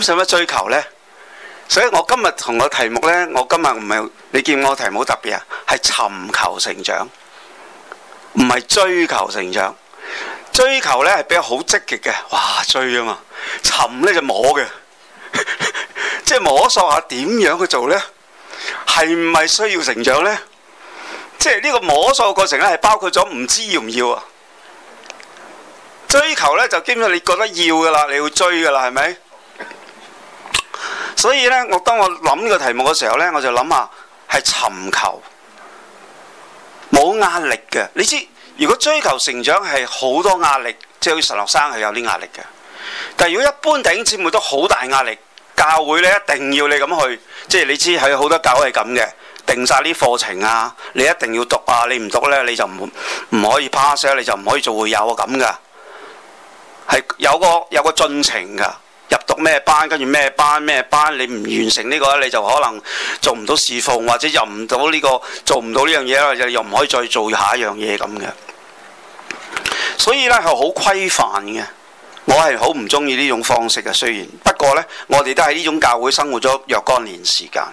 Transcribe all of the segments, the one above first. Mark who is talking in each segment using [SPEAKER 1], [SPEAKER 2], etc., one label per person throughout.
[SPEAKER 1] 咁使乜追求呢？所以我今日同個題目呢，我今日唔係你見我題目好特別啊，係尋求成長，唔係追求成長。追求呢係比較好積極嘅，哇追啊嘛！尋呢就摸嘅， 即係摸索下點樣去做咧，係唔係需要成長呢？即係呢個摸索嘅過程咧，係包括咗唔知要唔要啊？追求呢就基本上你覺得要噶啦，你要追噶啦，係咪？所以咧，我當我諗呢個題目嘅時候咧，我就諗下係尋求冇壓力嘅。你知道如果追求成長係好多壓力，即係啲神學生係有啲壓力嘅。但係如果一般弟兄姊妹都好大壓力，教會咧一定要你咁去，即係你知喺好多教會係咁嘅，定晒啲課程啊，你一定要讀啊，你唔讀咧你就唔唔可以 pass，你就唔可以做會友啊咁噶。係有個有個進程噶。入讀咩班，跟住咩班咩班，你唔完成呢個咧，你就可能做唔到侍奉，或者入唔到呢個做唔到呢樣嘢啦，又又唔可以再做下一樣嘢咁嘅。所以咧係好規範嘅，我係好唔中意呢種方式嘅。雖然不過呢，我哋都喺呢種教會生活咗若干年時間。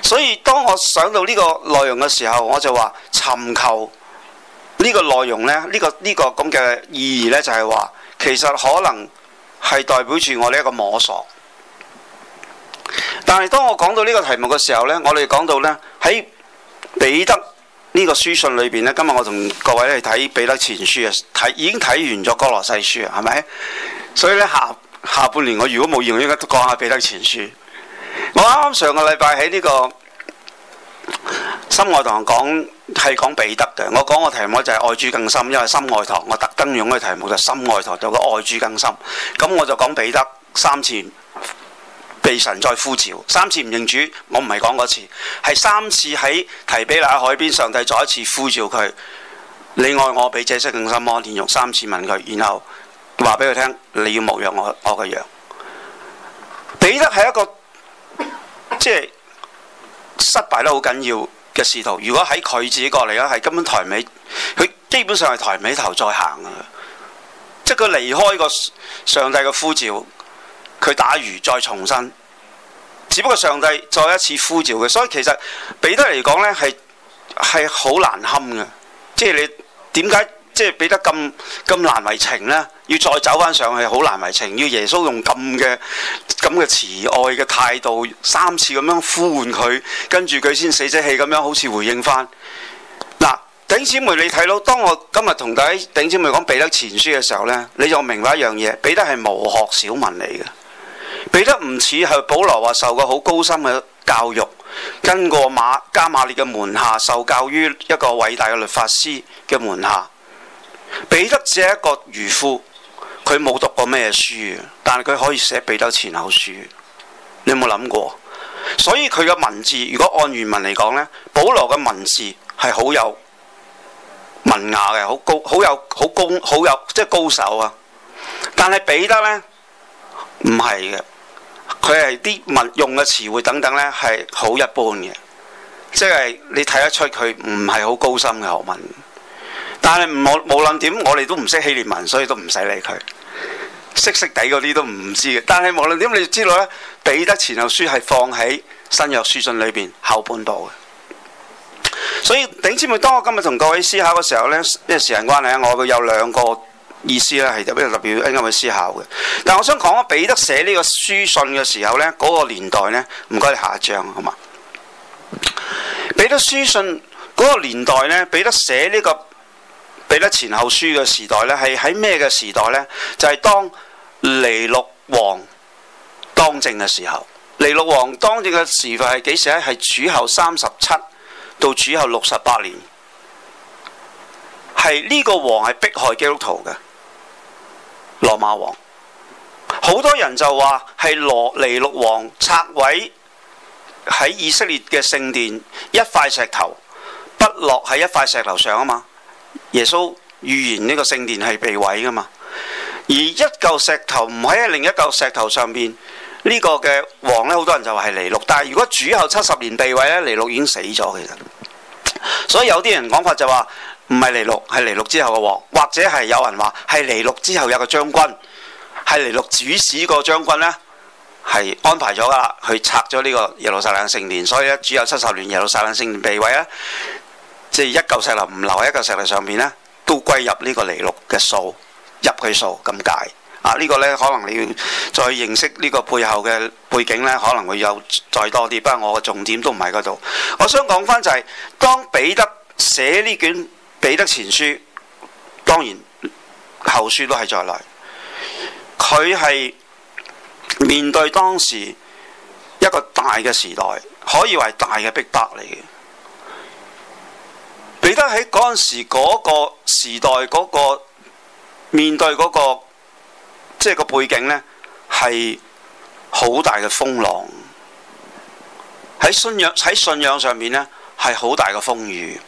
[SPEAKER 1] 所以當我想到呢個內容嘅時候，我就話，尋求呢個內容呢，呢個呢個咁嘅意義呢，就係話，其實可能。係代表住我呢一個摸索，但係當我講到呢個題目嘅時候呢，我哋講到呢，喺彼得呢個書信裏邊呢，今日我同各位去睇彼得前書啊，睇已經睇完咗哥羅西書啊，係咪？所以呢，下下半年我如果冇意外，應該講下彼得前書。我啱啱上個禮拜喺呢、呢個。心外堂講係講彼得嘅，我講個題目就係愛主更深，因為心外堂我特登用個題目就心外堂，做個愛主更深。咁我就講彼得三次被神再呼召，三次唔認主，我唔係講嗰次，係三次喺提比拉海邊，上帝再一次呼召佢，你愛我比這些更深麼？我連用三次問佢，然後話俾佢聽，你要牧養我我嘅羊。彼得係一個即係。失敗得好緊要嘅仕途，如果喺佢自己過嚟咧，係根本抬唔起，佢基本上係抬唔起頭再行啊！即係佢離開個上帝嘅呼召，佢打魚再重生，只不過上帝再一次呼召嘅，所以其實彼得嚟講呢係係好難堪嘅，即係你點解？為什麼即係彼得咁咁難為情呢，要再走翻上去好難為情，要耶穌用咁嘅咁嘅慈愛嘅態度三次咁樣呼喚佢，跟住佢先死仔氣咁樣好似回應翻。嗱、啊，頂姊妹你睇到，當我今日同大家頂姊妹講彼得前書嘅時候呢，你就明白一樣嘢，彼得係無學小民嚟嘅，彼得唔似係保羅話受過好高深嘅教育，跟過馬加馬列嘅門下，受教於一個偉大嘅律法師嘅門下。彼得只係一個漁夫，佢冇讀過咩書，但係佢可以寫彼得前後書。你有冇諗過？所以佢嘅文字，如果按原文嚟講呢，保羅嘅文字係好有文雅嘅，好高，好有，好高，好有即係高手啊。但係彼得呢，唔係嘅，佢係啲文用嘅詞彙等等呢，係好一般嘅，即係你睇得出佢唔係好高深嘅學問。但係唔無論點，我哋都唔識希臘文，所以都唔使理佢。識識底嗰啲都唔知嘅。但係無論點，你就知道咧，彼得前後書係放喺新約書信裏邊後半部嘅。所以頂尖，每當我今日同各位思考嘅時候呢，因為時間關係，我會有兩個意思咧，係特別特別應該去思考嘅。但係我想講啊，彼得寫呢個書信嘅時候呢，嗰個年代呢，唔該你下一章好嘛？彼得書信嗰個年代呢，彼得寫呢個。彼得前後書嘅時代呢，係喺咩嘅時代呢？就係當尼祿王當政嘅時候。尼祿王當政嘅時份係幾時咧？係主後三十七到主後六十八年。係呢個王係迫害基督徒嘅羅馬王。好多人就話係羅尼祿王拆毀喺以色列嘅聖殿一塊石頭，不落喺一塊石頭上啊嘛。耶穌預言呢個聖殿係被毀噶嘛？而一嚿石頭唔喺另一嚿石頭上邊，這個、呢個嘅王咧，好多人就話係尼祿，但係如果主後七十年被毀咧，尼祿已經死咗其實。所以有啲人講法就話唔係尼祿，係尼祿之後嘅王，或者係有人話係尼祿之後有個將軍，係尼祿主使個將軍咧，係安排咗噶啦，去拆咗呢個耶路撒冷聖殿。所以咧，主後七十年耶路撒冷聖殿被毀啦。即係一嚿石頭唔留喺一嚿石頭上面呢，都歸入呢個尼祿嘅數入佢數咁解。啊，呢、呢個呢，可能你要再認識呢個背後嘅背景呢，可能會有再多啲。不過我嘅重點都唔喺嗰度。我想講返就係、係、當彼得寫呢卷彼得前書，當然後書都係在內。佢係面對當時一個大嘅時代，可以話係大嘅逼迫嚟嘅。彼得喺嗰陣時嗰個時代嗰個面對嗰個即係個背景咧，係好大嘅風浪。喺信仰喺信仰上面咧，係好大嘅風雨。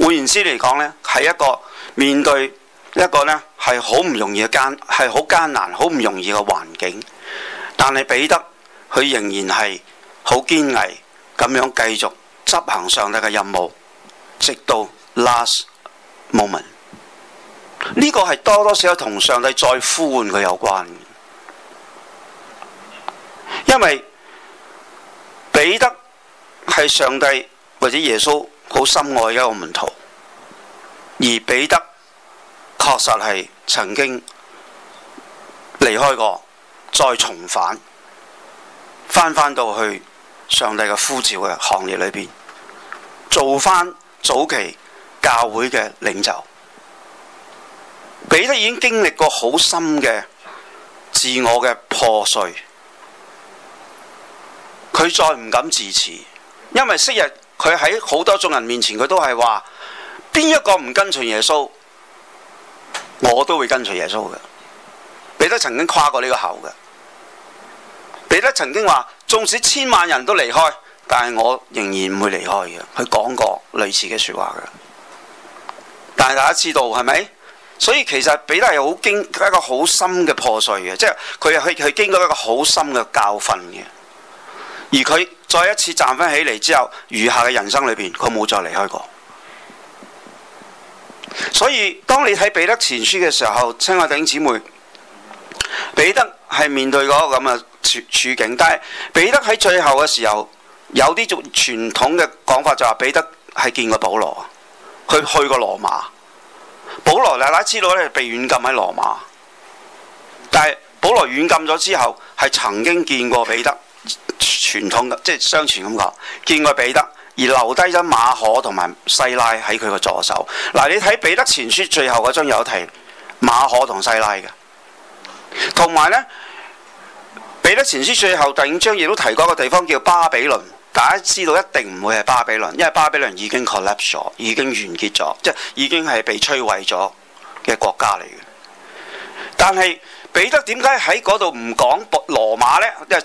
[SPEAKER 1] 換言之嚟講咧，係一個面對一個咧係好唔容易嘅艱係好艱難、好唔容易嘅環境，但係彼得佢仍然係好堅毅咁樣繼續執行上帝嘅任務。直到 last moment，呢個係多多少少同上帝再呼喚佢有關，因為彼得係上帝或者耶穌好深愛嘅一個門徒，而彼得確實係曾經離開過，再重返，翻翻到去上帝嘅呼召嘅行列裏邊做翻。早期教會嘅領袖彼得已經經歷過好深嘅自我嘅破碎，佢再唔敢自持，因為昔日佢喺好多眾人面前，佢都係話：邊一個唔跟隨耶穌，我都會跟隨耶穌嘅。彼得曾經誇過呢個口嘅，彼得曾經話：縱使千萬人都離開。但係我仍然唔會離開嘅，佢講過類似嘅說話嘅。但係大家知道係咪？所以其實彼得係好經一個好深嘅破碎嘅，即係佢去佢經過一個好深嘅教訓嘅。而佢再一次站翻起嚟之後，餘下嘅人生裏邊，佢冇再離開過。所以當你睇彼得前書嘅時候，親愛弟兄姊妹，彼得係面對嗰個咁嘅處處境，但係彼得喺最後嘅時候。有啲仲傳統嘅講法就話彼得係見過保羅啊，佢去過羅馬。保羅你知道咧被軟禁喺羅馬，但係保羅軟禁咗之後係曾經見過彼得，傳統嘅即係相傳咁講見過彼得，而留低咗馬可同埋西拉喺佢個助手。嗱，你睇彼得前書最後嗰章有提馬可同西拉嘅，同埋呢，《彼得前書》最後第五章亦都提過一個地方叫巴比倫。大家知道一定唔會係巴比倫，因為巴比倫已經 collapse 咗，已經完結咗，即係已經係被摧毀咗嘅國家嚟嘅。但係彼得點解喺嗰度唔講羅馬呢？因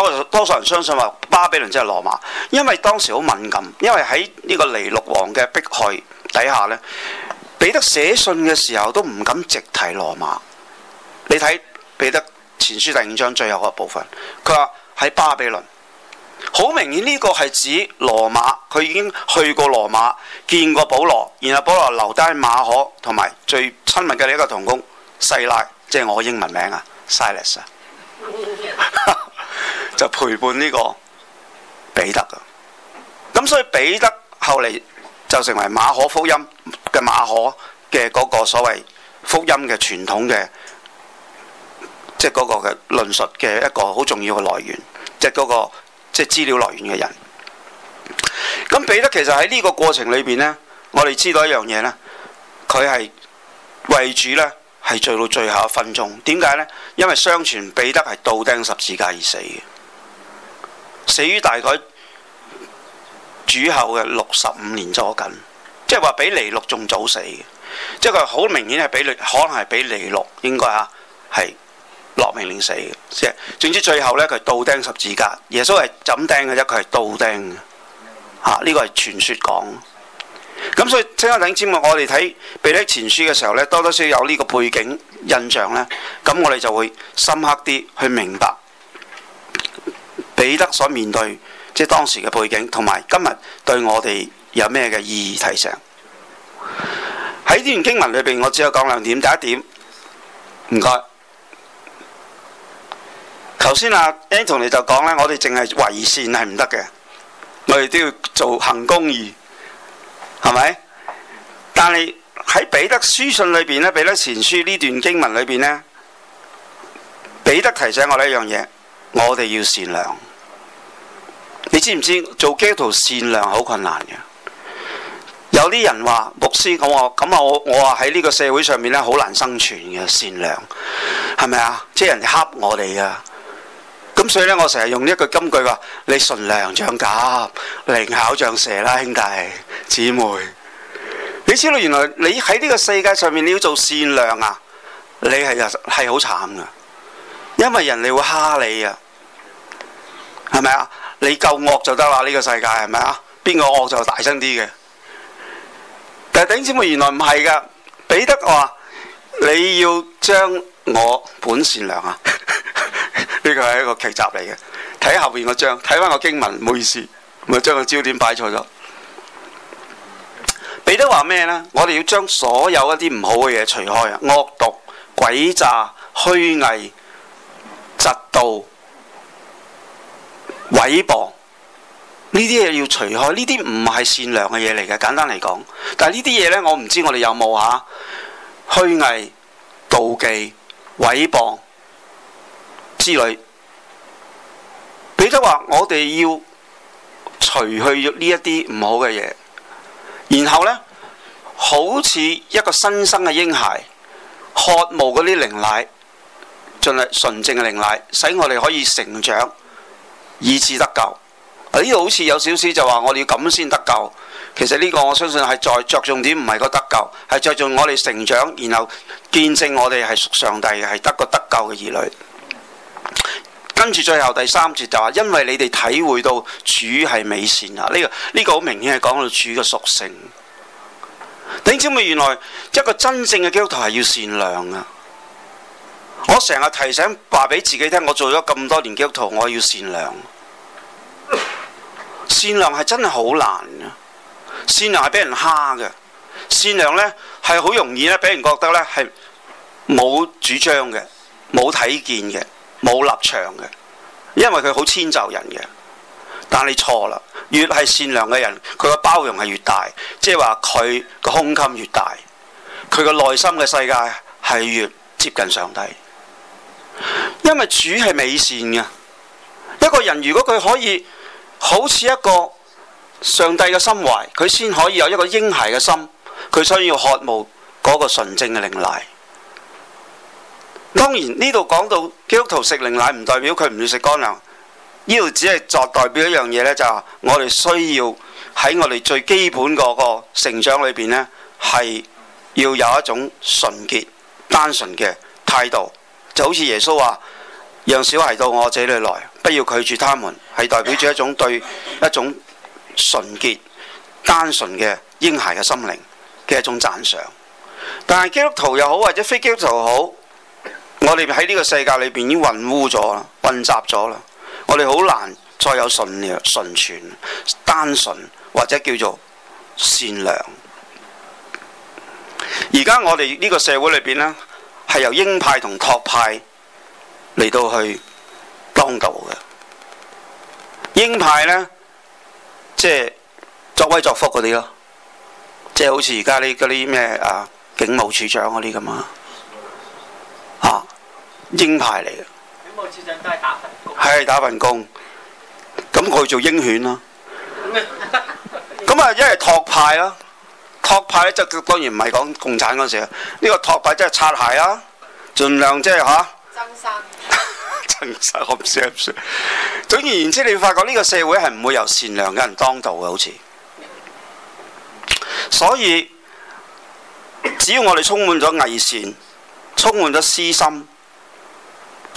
[SPEAKER 1] 為多多數人相信話巴比倫即係羅馬，因為當時好敏感，因為喺呢個尼祿王嘅迫害底下呢，彼得寫信嘅時候都唔敢直提羅馬。你睇彼得前書第五章最後一部分，佢話喺巴比倫。好明顯呢個係指羅馬，佢已經去過羅馬，見過保羅，然後保羅留低馬可同埋最親密嘅另一個同工細拉，即係我英文名啊，Silas 啊，S iles 就陪伴呢個彼得噶。咁所以彼得後嚟就成為馬可福音嘅馬可嘅嗰個所謂福音嘅傳統嘅，即係嗰個嘅論述嘅一個好重要嘅來源，即係嗰個。即係資料來源嘅人，咁彼得其實喺呢個過程裏邊呢，我哋知道一樣嘢呢，佢係為主呢，係做到最後一分鐘。點解呢？因為相傳彼得係倒釘十字架而死嘅，死於大概主後嘅六十五年左右，即係話比尼祿仲早死嘅，即係佢好明顯係比可能係比尼祿應該嚇係。落命令死嘅，即係總之最後呢，佢係倒釘十字架。耶穌係怎釘嘅啫？佢係倒釘嘅，吓、啊、呢、這個係傳說講。咁所以聽緊之後，我哋睇彼得前書嘅時候呢，多多少少有呢個背景印象呢。咁我哋就會深刻啲去明白彼得所面對即係當時嘅背景，同埋今日對我哋有咩嘅意義提醒。喺呢段經文裏邊，我只有講兩點。第一點，唔該。首先啊，Anthony 就講咧，我哋淨係為善係唔得嘅，我哋都要做行公義，係咪？但係喺彼得書信裏邊咧，彼得前書呢段經文裏邊呢，彼得提醒我呢一樣嘢，我哋要善良。你知唔知道做基督徒善良好困難嘅？有啲人話，牧師咁我，咁我我啊喺呢個社會上面咧好難生存嘅，善良，係咪啊？即係人哋恰我哋噶。咁所以咧，我成日用呢一句金句話：你純良像鴿，靈巧像蛇啦，兄弟姊妹。你知道原來你喺呢個世界上面，你要做善良啊，你係啊，係好慘噶，因為人哋會蝦你啊，係咪啊？你夠惡就得啦，呢個世界係咪啊？邊個惡就大聲啲嘅？但係弟兄姐妹原來唔係噶，彼得啊，你要將我本善良啊。呢個係一個劇集嚟嘅，睇後邊嘅章，睇翻個經文，唔好意思，我將個焦點擺錯咗。彼得話咩呢？我哋要將所有一啲唔好嘅嘢除開啊！惡毒、詭詐、虛偽、嫉妒、毀謗，呢啲嘢要除開，呢啲唔係善良嘅嘢嚟嘅。簡單嚟講，但係呢啲嘢呢，我唔知我哋有冇吓？啊，虛偽、妒忌、毀謗。之類，彼得話我哋要除去呢一啲唔好嘅嘢，然後呢，好似一個新生嘅嬰孩，渴慕嗰啲靈奶，盡力純正嘅靈奶，使我哋可以成長，以至得救。啊，呢度好似有少少就話我哋要咁先得救。其實呢個我相信係在着重點，唔係個得救，係着重我哋成長，然後見證我哋係屬上帝嘅，係得個得救嘅兒女。跟住最後第三節就係，因為你哋體會到主係美善啊！呢、這個呢、這個好明顯係講到主嘅屬性。點知咪原來一個真正嘅基督徒係要善良啊！我成日提醒話俾自己聽，我做咗咁多年基督徒，我要善良。善良係真係好難嘅，善良係俾人蝦嘅，善良呢係好容易呢俾人覺得呢係冇主張嘅，冇睇見嘅。冇立場嘅，因為佢好遷就人嘅。但你錯啦，越係善良嘅人，佢嘅包容係越大，即係話佢個胸襟越大，佢個內心嘅世界係越接近上帝。因為主係美善嘅，一個人如果佢可以好似一個上帝嘅心懷，佢先可以有一個嬰孩嘅心，佢需要渴慕嗰個純正嘅靈嚟。當然呢度講到基督徒食靈奶唔代表佢唔要食乾糧，呢度只係作代表一樣嘢咧，就係我哋需要喺我哋最基本嗰個成長裏邊咧，係要有一種純潔、單純嘅態度，就好似耶穌話：「讓小孩到我這裏來，不要拒絕他們，係代表住一種對一種純潔、單純嘅嬰孩嘅心靈嘅一種讚賞。但係基督徒又好或者非基督徒又好。我哋喺呢個世界裏邊已經混污咗啦、混雜咗啦，我哋好難再有純良、純全、單純或者叫做善良。而家我哋呢個社會裏邊呢，係由鷹派同托派嚟到去當道嘅。鷹派呢，即係作威作福嗰啲咯，即係好似而家啲嗰啲咩啊警務處長嗰啲咁啊。鷹派嚟嘅，係打份工，係打咁佢做鷹犬啦。咁啊，嗯嗯、就因係托派啦、啊，托派咧就是、當然唔係講共產嗰時，呢、這個托派即係擦鞋啦、啊，盡量即係吓。啊、增生， 增生我唔識。總而言之，你會發覺呢個社會係唔會由善良嘅人當道嘅，好似。所以，只要我哋充滿咗偽善，充滿咗私心。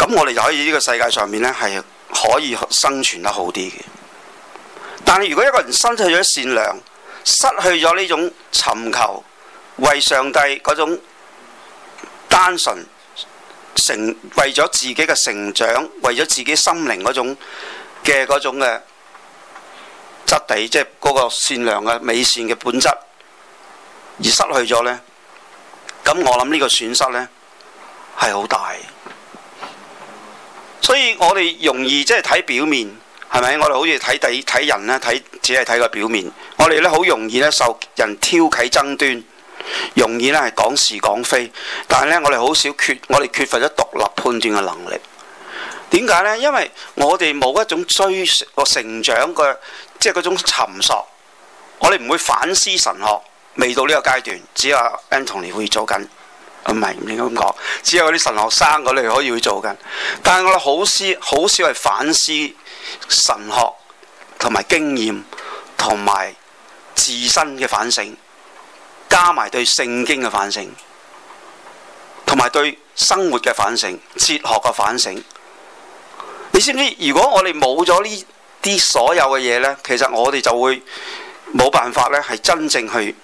[SPEAKER 1] 咁我哋就可以呢個世界上面呢係可以生存得好啲嘅。但係如果一個人失去咗善良，失去咗呢種尋求，為上帝嗰種單純，成為咗自己嘅成長，為咗自己心靈嗰種嘅嗰種嘅質地，即係嗰個善良嘅美善嘅本質，而失去咗呢。咁我諗呢個損失呢係好大。所以我哋容易即係睇表面，係咪？我哋好似睇睇人咧，睇只係睇個表面。我哋咧好容易咧受人挑起爭端，容易咧係講是講非。但係咧，我哋好少缺，我哋缺乏咗獨立判斷嘅能力。點解呢？因為我哋冇一種追個成長嘅，即係嗰種尋索。我哋唔會反思神學，未到呢個階段，只有 Anthony 會做緊。唔係唔應該咁講，只有啲神學生嗰類可以去做緊。但係我哋好少好少係反思神學同埋經驗同埋自身嘅反省，加埋對聖經嘅反省，同埋對生活嘅反省、哲學嘅反省。你知唔知？如果我哋冇咗呢啲所有嘅嘢呢，其實我哋就會冇辦法呢係真正去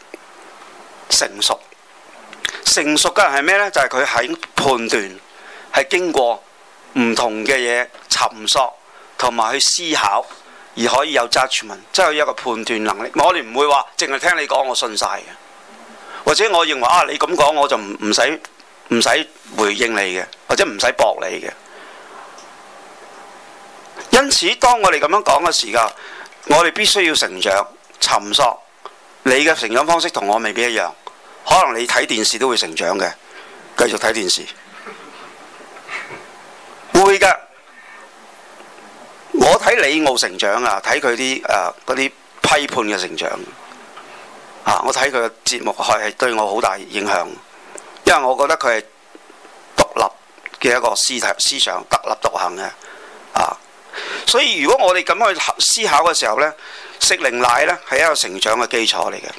[SPEAKER 1] 成熟。成熟嘅人係咩呢？就係佢喺判斷，係經過唔同嘅嘢尋索，同埋去思考，而可以有 judgment，即係有一個判斷能力。我哋唔會話淨係聽你講，我信晒嘅，或者我認為啊，你咁講我就唔唔使唔使回應你嘅，或者唔使駁你嘅。因此，當我哋咁樣講嘅時候，我哋必須要成長、尋索。你嘅成長方式同我未必一樣。可能你睇電視都會成長嘅，繼續睇電視會㗎。我睇李敖成長啊，睇佢啲誒啲批判嘅成長啊，我睇佢嘅節目係係對我好大影響，因為我覺得佢係獨立嘅一個思體思想，獨立獨行嘅啊。所以如果我哋咁去思考嘅時候呢，食靈奶呢係一個成長嘅基礎嚟嘅。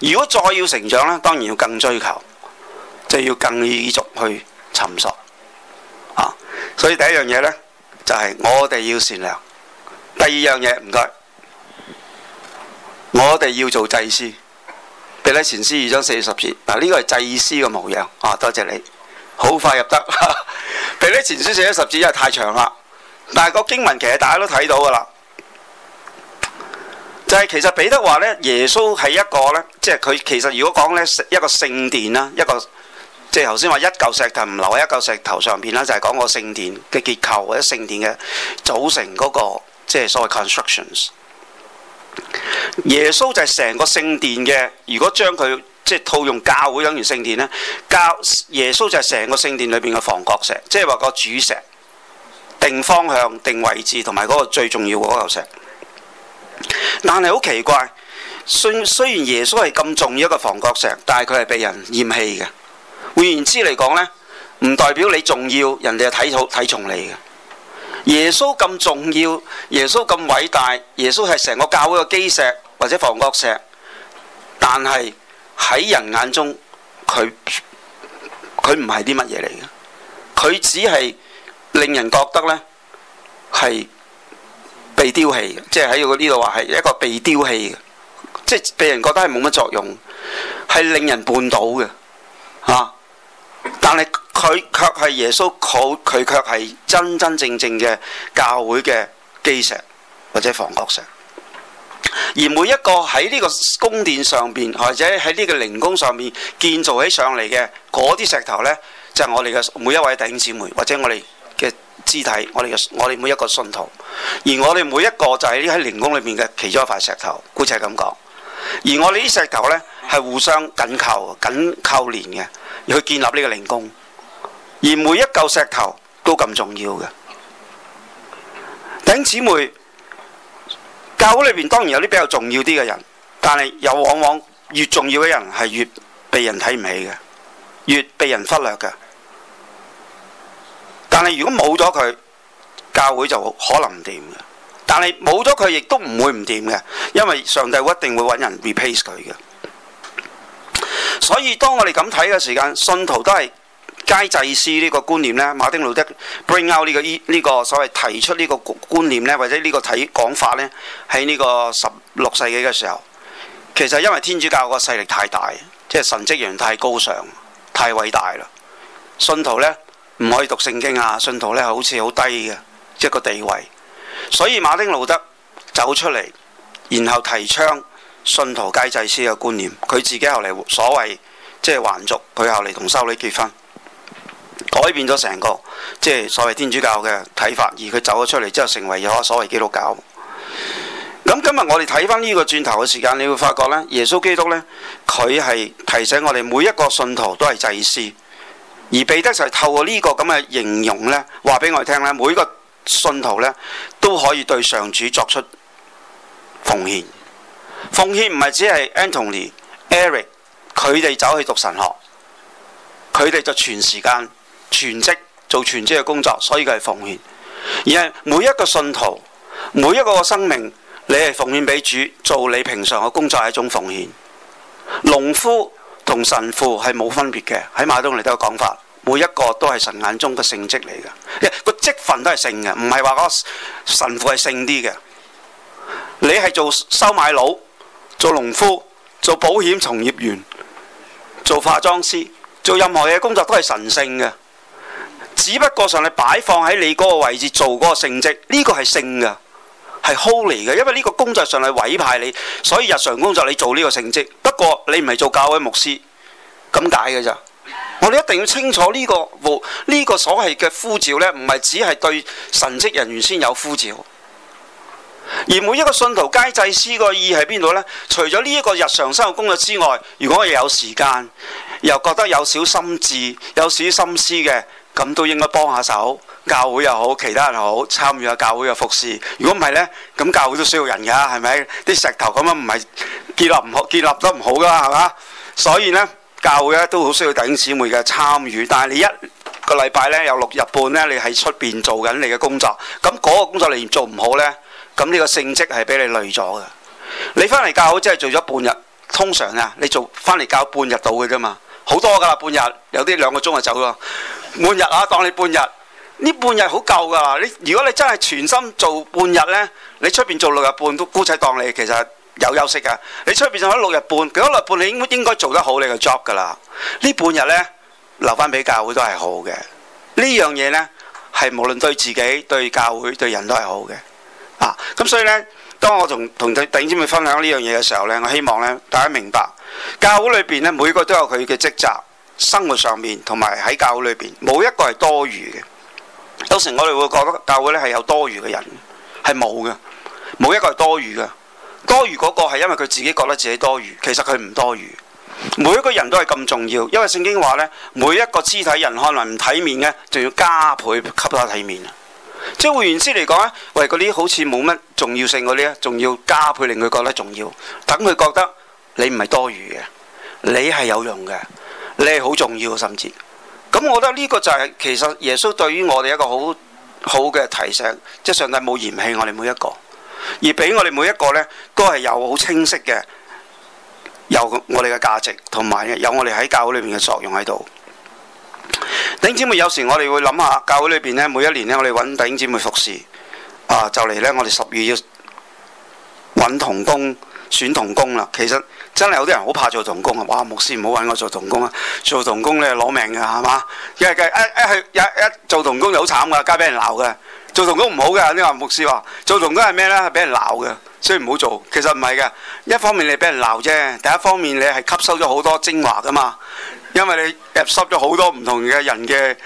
[SPEAKER 1] 如果再要成長呢，當然要更追求，就要更繼續去尋索，啊、所以第一樣嘢呢，就係、是、我哋要善良，第二樣嘢唔該，我哋要做祭司。彼得前書二章四至十節，嗱、這、呢個係祭司嘅模樣啊！多謝你，好快入得。彼得 前書寫咗十節，因為太長啦。但係個經文其實大家都睇到噶啦。但係其實彼得話咧，耶穌係一個咧，即係佢其實如果講咧，一個聖殿啦，是說一個即係頭先話一嚿石就唔留喺一嚿石頭上邊啦，就係講個聖殿嘅結構或者聖殿嘅組成嗰，那個，即係所謂 constructions。耶穌就係成個聖殿嘅，如果將佢即係套用教會講完聖殿咧，教耶穌就係成個聖殿裏邊嘅房角石，即係話個主石，定方向，定位置，同埋嗰個最重要嗰嚿石。但係好奇怪，雖雖然耶穌係咁重要一個房角石，但係佢係被人嫌棄嘅。換言之嚟講呢，唔代表你重要，人哋就睇好睇重你嘅。耶穌咁重要，耶穌咁偉大，耶穌係成個教會嘅基石或者房角石，但係喺人眼中，佢佢唔係啲乜嘢嚟嘅，佢只係令人覺得呢係。是被丟棄，即係喺呢度話係一個被丟棄嘅，即係被人覺得係冇乜作用，係令人絆倒嘅，吓、啊！但係佢卻係耶穌，佢佢卻係真真正正嘅教會嘅基石或者房角石，而每一個喺呢個宮殿上邊或者喺呢個靈宮上面建造起上嚟嘅嗰啲石頭呢，就係、是、我哋嘅每一位弟兄姊妹或者我哋嘅。肢體，我哋嘅我哋每一個信徒，而我哋每一個就係呢喺靈宮裏面嘅其中一塊石頭，姑且係咁講。而我哋啲石頭呢，係互相緊扣、緊扣連嘅，去建立呢個靈宮。而每一嚿石頭都咁重要嘅。弟兄姊妹，教會裏邊當然有啲比較重要啲嘅人，但係又往往越重要嘅人係越被人睇唔起嘅，越被人忽略嘅。但係如果冇咗佢，教會就可能唔掂嘅。但係冇咗佢，亦都唔會唔掂嘅，因為上帝會一定會揾人 replace 佢嘅。所以當我哋咁睇嘅時間，信徒都係皆祭司呢個觀念呢，馬丁路德 bring out 呢、呢個呢、呢個所謂提出呢個觀念呢，或者呢個睇講法呢，喺呢個十六世紀嘅時候，其實因為天主教個勢力太大，即係神職人太高尚、太偉大啦，信徒呢。唔可以讀聖經啊！信徒咧好似好低嘅一個地位，所以馬丁路德走出嚟，然後提倡信徒皆祭司嘅觀念。佢自己後嚟所謂即係、就是、還俗，佢後嚟同修女結婚，改變咗成個即係、就是、所謂天主教嘅睇法。而佢走咗出嚟之後，成為咗所謂基督教。咁今日我哋睇翻呢個轉頭嘅時間，你會發覺呢：耶穌基督呢，佢係提醒我哋每一個信徒都係祭司。而彼得就係透過呢個咁嘅形容呢，話俾我哋聽呢：每個信徒呢，都可以對上主作出奉獻。奉獻唔係只係 Antony、Eric 佢哋走去讀神學，佢哋就全時間全職做全職嘅工作，所以佢係奉獻。而係每一個信徒、每一個生命，你係奉獻俾主做你平常嘅工作係一種奉獻。農夫同神父係冇分別嘅，喺馬東尼都有講法。每一個都係神眼中嘅性跡嚟噶，那個積份都係性嘅，唔係話神父係性啲嘅。你係做收買佬、做農夫、做保險從業員、做化妝師、做任何嘢工作都係神聖嘅，只不過上帝擺放喺你嗰個位置做嗰個、這個、是性跡，呢個係性嘅，係好 l 嚟嘅，因為呢個工作上帝委派你，所以日常工作你做呢個性跡。不過你唔係做教會牧師，咁解嘅咋？我哋一定要清楚呢、呢個呢、呢個所謂嘅呼召呢唔係只係對神職人員先有呼召，而每一個信徒皆祭司個意係邊度呢？除咗呢一個日常生活工作之外，如果我哋有時間，又覺得有少少心智、有少少心思嘅，咁都應該幫下手。教會又好，其他人又好，參與下教會嘅服侍。如果唔係呢，咁教會都需要人噶，係咪？啲石頭咁樣唔係建立唔好，建立得唔好噶，係嘛？所以呢。教會咧都好需要弟兄姊妹嘅參與，但係你一個禮拜咧有六日半咧，你喺出邊做緊你嘅工作，咁嗰個工作你做唔好咧，咁呢個性質係俾你累咗嘅。你翻嚟教會即係做咗半日，通常啊，你做翻嚟教會半日到嘅啫嘛，好多噶啦半日，有啲兩個鐘就走咗。半日啊，當你半日，呢半日好夠㗎啦。你如果你真係全心做半日咧，你出邊做六日半都姑且當你其實。有休息噶，你出邊仲有六日半，嗰日半你應應該做得好你個 job 噶啦。呢半日呢，留翻俾教會都係好嘅，呢樣嘢呢，係無論對自己、對教會、對人都係好嘅啊。咁所以呢，當我同同弟兄姊妹去分享呢樣嘢嘅時候呢，我希望呢，大家明白教會裏邊呢，每一個都有佢嘅職責，生活上面同埋喺教會裏邊冇一個係多餘嘅。到時我哋會覺得教會呢係有多餘嘅人係冇嘅，冇一個係多餘嘅。多餘嗰個係因為佢自己覺得自己多餘，其實佢唔多餘。每一個人都係咁重要，因為聖經話呢，每一個肢體人可能唔體面嘅，仲要加倍給他體面啊！即係換言之嚟講咧，喂嗰啲好似冇乜重要性嗰啲啊，仲要加倍令佢覺得重要，等佢覺得你唔係多餘嘅，你係有用嘅，你係好重要的甚至。咁我覺得呢個就係其實耶穌對於我哋一個很好好嘅提醒，即係上帝冇嫌棄我哋每一個。而俾我哋每一個呢，都係有好清晰嘅，有我哋嘅價值，同埋有我哋喺教會裏面嘅作用喺度。弟兄姊妹，有時我哋會諗下教會裏邊呢，每一年呢，我哋揾弟兄姊妹服侍啊，就嚟呢，我哋十月要揾同工選同工啦。其實真係有啲人好怕做同工啊！哇，牧師唔好揾我做同工，做同工啊，啊，啊，啊，做同工呢，攞命噶係嘛，一係一一做同工就好慘噶，加俾人鬧噶。做同工唔好嘅，你話牧師話做同工係咩呢？係俾人鬧嘅，所以唔好做。其實唔係嘅，一方面你俾人鬧啫，第一方面你係吸收咗好多精華噶嘛，因為你吸收咗好多唔同嘅人嘅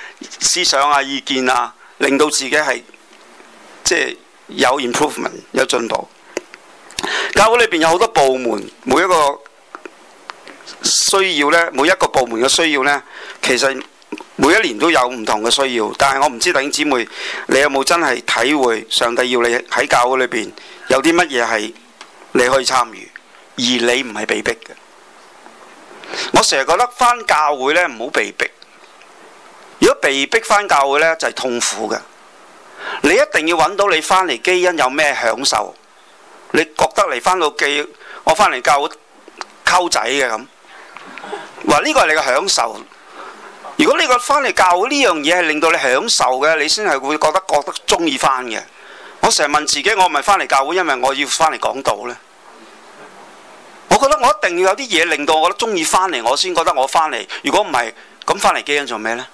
[SPEAKER 1] 思想啊、意見啊，令到自己係即係有 improvement 有進步。教會裏邊有好多部門，每一個需要呢，每一個部門嘅需要呢，其實。每一年都有唔同嘅需要，但係我唔知弟兄姊妹你有冇真係體會上帝要你喺教會裏邊有啲乜嘢係你可以參與，而你唔係被逼嘅。我成日覺得翻教會呢，唔好被逼，如果被逼翻教會呢，就係痛苦嘅。你一定要揾到你翻嚟基恩有咩享受，你覺得嚟翻到基我翻嚟教會溝仔嘅咁，話呢個係你嘅享受。如果你覺得翻嚟教會呢樣嘢係令到你享受嘅，你先係會覺得覺得中意翻嘅。我成日問自己，我咪翻嚟教會，因為我要翻嚟講道呢。我覺得我一定要有啲嘢令到我覺得中意翻嚟，我先覺得我翻嚟。如果唔係，咁翻嚟基恩做咩呢？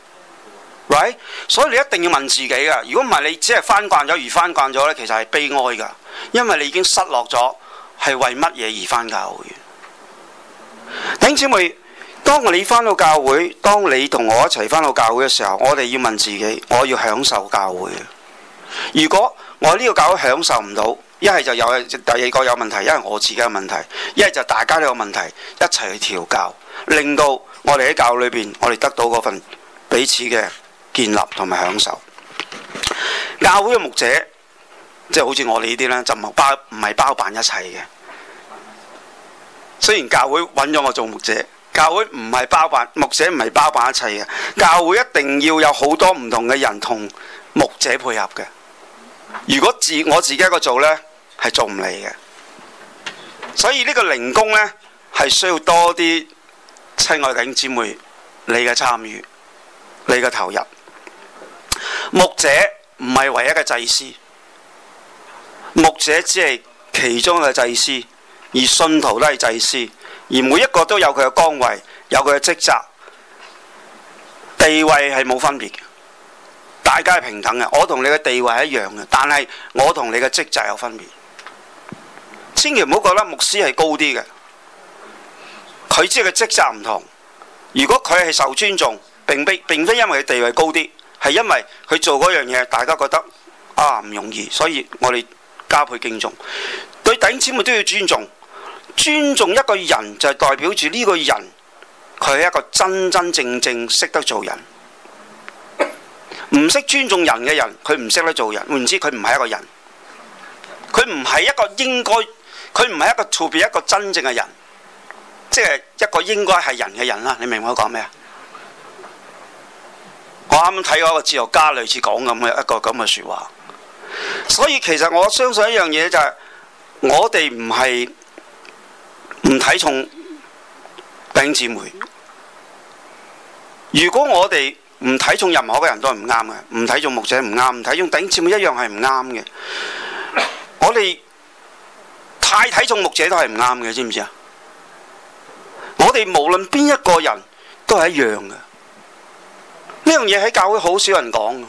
[SPEAKER 1] 喂，right？所以你一定要問自己噶。如果唔係，你只係翻慣咗而翻慣咗呢，其實係悲哀噶，因為你已經失落咗，係為乜嘢而翻教會？兄姊妹。當你翻到教會，當你同我一齊翻到教會嘅時候，我哋要問自己，我要享受教會。如果我呢個教會享受唔到，一係就有第二個有問題，因為我自己有問題；一係就大家都有問題，一齊去調教，令到我哋喺教會裏邊，我哋得到嗰份彼此嘅建立同埋享受。教會嘅牧者，即係好似我哋呢啲呢，就唔係包唔係包辦一切嘅。雖然教會揾咗我做牧者。教會唔係包辦，牧者唔係包辦一切嘅。教會一定要有好多唔同嘅人同牧者配合嘅。如果自我自己一個做呢，係做唔嚟嘅。所以呢個靈工呢，係需要多啲親愛嘅姐妹你嘅參與，你嘅投入。牧者唔係唯一嘅祭司，牧者只係其中嘅祭司，而信徒都係祭司。而每一個都有佢嘅崗位，有佢嘅職責，地位係冇分別嘅，大家係平等嘅。我同你嘅地位係一樣嘅，但係我同你嘅職責有分別。千祈唔好覺得牧師係高啲嘅，佢知道佢嘅職責唔同。如果佢係受尊重，並非並非因為佢地位高啲，係因為佢做嗰樣嘢，大家覺得啊唔容易，所以我哋加倍敬重。對頂尖，我都要尊重。尊重一個人就係代表住呢個人佢係一個真真正正識得做人，唔識尊重人嘅人，佢唔識得做人。我唔知佢唔係一個人，佢唔係一個應該，佢唔係一個特別一個真正嘅人，即係一個應該係人嘅人啦。你明唔明我講咩啊？我啱啱睇嗰個自由家類似講咁嘅一個咁嘅説話，所以其實我相信一樣嘢就係、是、我哋唔係。唔睇重弟兄姊妹，如果我哋唔睇重任何嘅人都係唔啱嘅，唔睇重牧者唔啱，唔睇重弟兄姊妹一樣係唔啱嘅。我哋太睇重牧者都係唔啱嘅，知唔知啊？我哋無論邊一個人都係一樣嘅，呢樣嘢喺教會好少人講。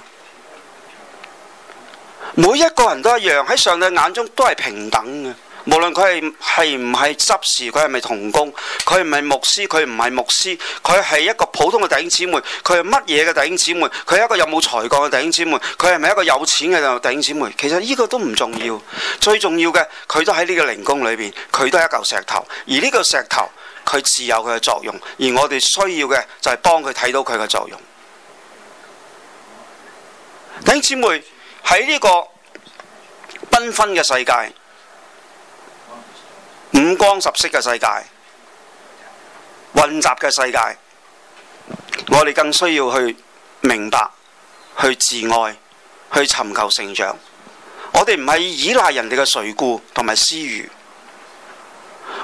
[SPEAKER 1] 每一個人都一樣，喺上帝眼中都係平等嘅。無論佢係係唔係執事，佢係咪童工？佢唔係牧師，佢唔係牧師，佢係一個普通嘅弟兄姊妹。佢係乜嘢嘅弟兄姊妹？佢係一個有冇才幹嘅弟兄姊妹？佢係咪一個有錢嘅弟兄姊妹？其實呢個都唔重要。最重要嘅，佢都喺呢個靈宮裏邊，佢都係一嚿石頭。而呢個石頭，佢自有佢嘅作用。而我哋需要嘅就係幫佢睇到佢嘅作用。弟兄姊妹喺呢個繽紛嘅世界，五光十色嘅世界，混雜嘅世界，我哋更需要去明白、去自愛、去尋求成長。我哋唔係依賴人哋嘅垂顧同埋私欲，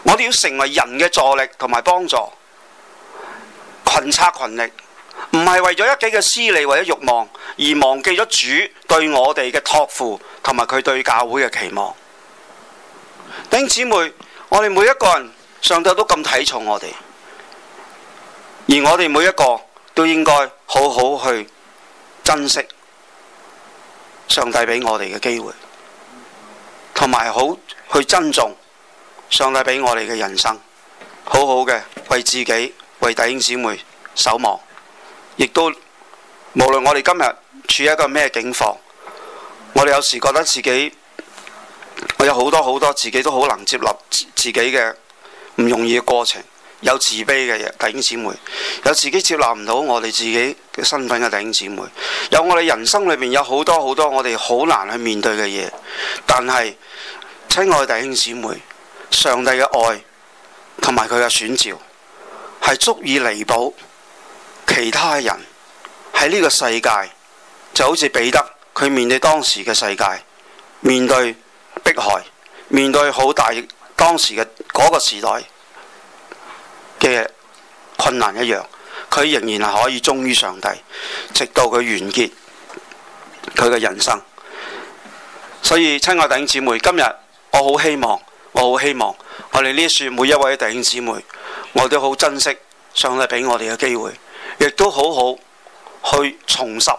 [SPEAKER 1] 我哋要成為人嘅助力同埋幫助，群策群力，唔係為咗一己嘅私利，或者欲望而忘記咗主對我哋嘅託付同埋佢對教會嘅期望。弟兄姊妹。我哋每一個人，上帝都咁睇重我哋，而我哋每一個都應該好好去珍惜上帝畀我哋嘅機會，同埋好去珍重上帝畀我哋嘅人生，好好嘅為自己、為弟兄姊妹守望，亦都無論我哋今日處於一個咩境況，我哋有時覺得自己。我有好多好多自己都好難接納自己嘅唔容易嘅過程，有自卑嘅弟兄姊妹，有自己接納唔到我哋自己嘅身份嘅弟兄姊妹，有我哋人生裏邊有好多好多我哋好難去面對嘅嘢。但係，親愛的弟兄姊妹，上帝嘅愛同埋佢嘅選召係足以彌補其他人喺呢個世界，就好似彼得佢面對當時嘅世界面對。迫害，面對好大當時嘅嗰個時代嘅困難一樣，佢仍然係可以忠於上帝，直到佢完結佢嘅人生。所以親愛弟兄姊妹，今日我好希望，我好希望我哋呢一串每一位弟兄姊妹，我都好珍惜上帝俾我哋嘅機會，亦都好好去重拾，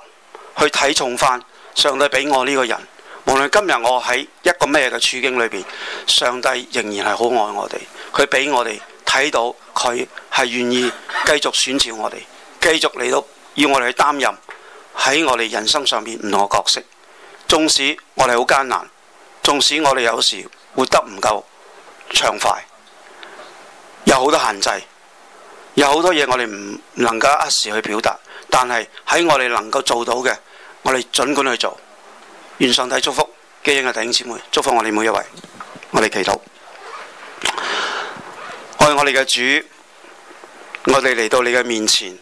[SPEAKER 1] 去睇重翻上，上帝俾我呢個人。無論今日我喺一個咩嘅處境裏邊，上帝仍然係好愛我哋，佢俾我哋睇到佢係願意繼續選召我哋，繼續嚟到要我哋去擔任喺我哋人生上邊唔同嘅角色。縱使我哋好艱難，縱使我哋有時活得唔夠暢快，有好多限制，有好多嘢我哋唔能夠一時去表達，但係喺我哋能夠做到嘅，我哋盡管去做。願上帝祝福基恩嘅弟兄姊妹，祝福我哋每一位。我哋祈禱，愛我哋嘅主，我哋嚟到你嘅面前，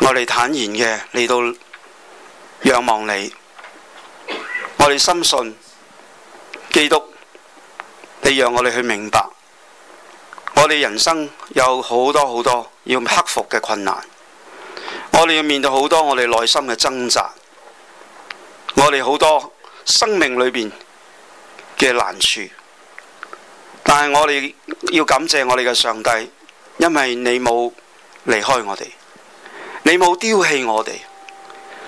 [SPEAKER 1] 我哋坦然嘅嚟到仰望你。我哋深信基督，你讓我哋去明白，我哋人生有好多好多要克服嘅困難，我哋要面對好多我哋內心嘅掙扎。我哋好多生命裏邊嘅難處，但係我哋要感謝我哋嘅上帝，因為你冇離開我哋，你冇丟棄我哋，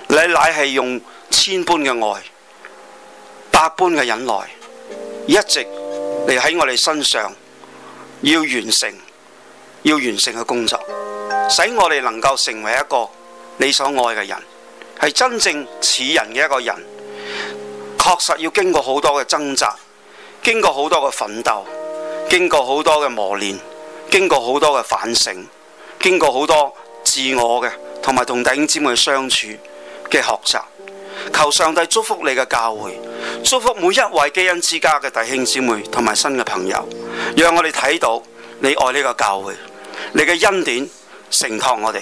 [SPEAKER 1] 你乃係用千般嘅愛、百般嘅忍耐，一直嚟，喺我哋身上，要完成，要完成嘅工作，使我哋能夠成為一個你所愛嘅人。係真正似人嘅一個人，確實要經過好多嘅掙扎，經過好多嘅奮鬥，經過好多嘅磨練，經過好多嘅反省，經過好多自我嘅同埋同弟兄姊妹相處嘅學習。求上帝祝福你嘅教會，祝福每一位基恩之家嘅弟兄姊妹同埋新嘅朋友，讓我哋睇到你愛呢個教會，你嘅恩典承托我哋，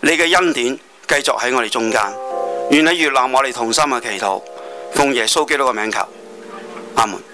[SPEAKER 1] 你嘅恩典繼續喺我哋中間。願你悅納我哋同心嘅祈禱，奉耶穌基督嘅名求，阿門。